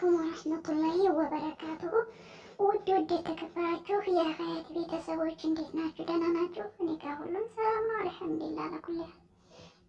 አለይኩም ወረህመቱላሂ ወበረካቱሁ። ውድ ውድ የተከበራችሁ የሀያት ቤተሰቦች እንዴት ናችሁ? ደህና ናችሁ? እኔ ጋ ሁሉም ሰላም ነው አልሐምዱሊላህ። ለኩልህ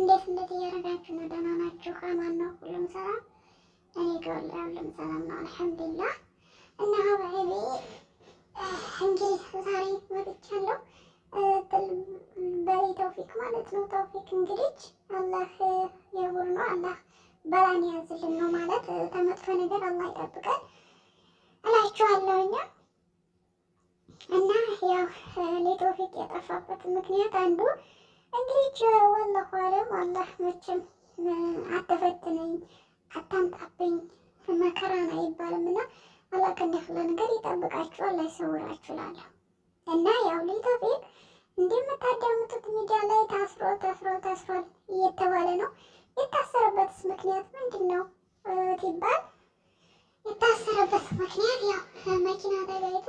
እንዴት እንዴት እያደረጋችሁ ነው? ደህና ናችሁ? አማን ነው? ሁሉም ሰላም? እኔ ጋ ሁሉም ሰላም ነው አልሐምዱሊላህ። እና ሀባይቤ እንግዲህ ዛሬ መጥቻለሁ በተውፊቅ ማለት ነው። ተውፊቅ እንግዲህ አላህ የውር ነው አላህ በላን ያዝልን ነው ማለት ከመጥፎ ነገር አላህ ይጠብቀን እላችኋለሁ። እኛ እና ያው ለተውፊቅ የጠፋበት ምክንያት አንዱ እንግዲህ ወላሁ አለም አላህ መቼም አትፈትነኝ፣ አታምጣብኝ መከራ ነው አይባልም እና አላህ ከነፍለ ነገር ይጠብቃችኋል፣ አላህ ይሰውራችሁ እላለሁ እና ያው ለተውፊቅ እንደምታዳምጡት ሚዲያ ላይ ታስሮ ተስሮ ታስሯል እየተባለ ነው ምክንያት ምንድን ነው ሲባል የታሰረበት ምክንያት ያው መኪና ተገይቶ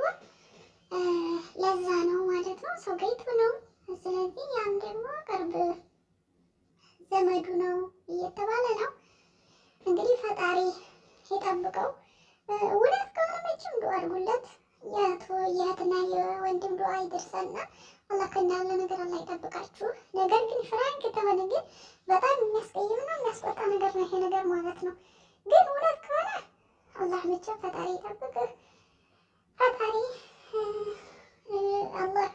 ለዛ ነው ማለት ነው። ሰው ገይቶ ነው። ስለዚህ ያም ደግሞ ቅርብ ዘመዱ ነው እየተባለ ነው። እንግዲህ ፈጣሪ የጠብቀው። እውነት ከሆነ መቼም ዱዓ አድርጉለት። የእህትና የወንድም ዱዓ ይደርሳልና አላህ ከእንዳለ ነገር አላ አለባችሁ። ነገር ግን ፍራንክ የተባለ ግን በጣም የሚያስቀይምና የሚያስቆጣ ነገር ነው ይሄ ነገር ማለት ነው። ግን እውነት ከሆነ አላህ ብቻ ፈጣሪ ይጠብቅህ። ፈጣሪ አላህ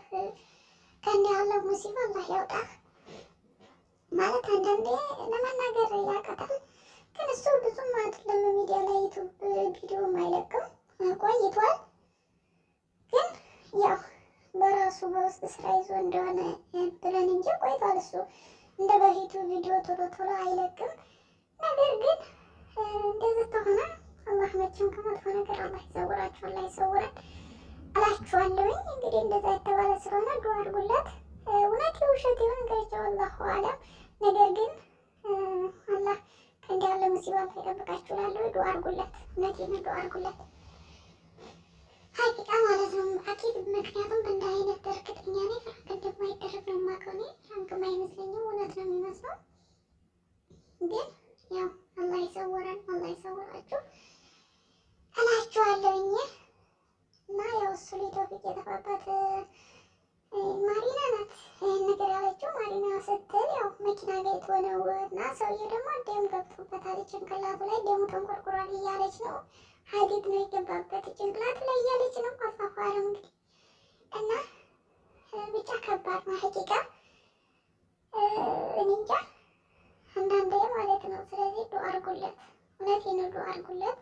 ከእንዲህ ያለው ሙሲባ አላህ ያውጣ ማለት አንዳንዴ ለመናገር ያቀ ራሱ በውስጥ ስራ ይዞ እንደሆነ ብለን እንጂ ቆይቷል። እሱ እንደ በፊቱ ቪዲዮ ቶሎ ቶሎ አይለቅም። ነገር ግን እንደዚህ ከሆነ አላህ መቼም ከመጥፎ ነገር አላህ ይሰውራችሁ፣ አላህ ይሰውረን እላችኋለሁኝ። እንግዲህ እንደዛ የተባለ ስለሆነ ዱዓ አድርጉላት። እውነት የውሸት ይሁን ገቸው አላሁ አለም። ነገር ግን አላህ ከእንዲህ ያለ ሙሲባ ይጠብቃችሁ እላለሁ። ዱዓ አድርጉላት፣ እውነት ዱዓ አድርጉላት። አቂቃ ማለት ነው። አቂቅ ምክንያቱም በእንደ አይነት እርግጠኛ ነኝ ፍራንክ እንደማይደረግ ነው የማውቀው እኔ። ፍራንክም አይመስለኝም እውነት ነው የሚመስለው። ግን ያው አላህ ይሰውረን፣ አላህ ይሰውራችሁ እላችኋለሁ እና ያው እሱ ሊቶፊቅ የጠፋባት ማሪና ናት ይህን ነገር ያለችው ማሪና ስትል ያው መኪና ቤት ሆነው እና ሰውዬው ደግሞ ደም ገብቶበታል ጭንቅላቱ ላይ ደሙ ተንቆርቁሯል እያለች ነው ሀዲድ ነው የገባበት ደቂቃ እኔ እንጃ አንዳንዴ ማለት ነው። ስለዚህ ዱ አድርጉለት፣ እውነት ነው ዱአ አድርጉለት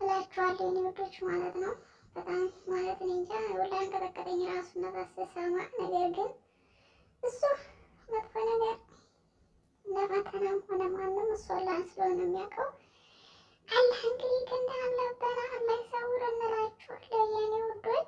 እላችኋለሁ የእኔ ውዶች ማለት ነው። በጣም ማለት እኔ እንጃ ወላሂ አንቀጠቀጠኝ ራሱ ነፋስ ስሰማ። ነገር ግን እሱ መጥፎ ነገር ለፈተናም ሆነ ማንም እሱ አላህን ስለሆነ የሚያውቀው አላህ እንግዲህ ከእንደ አላበና አላህ ይሰውር እንላችኋለሁ የእኔ ውዶች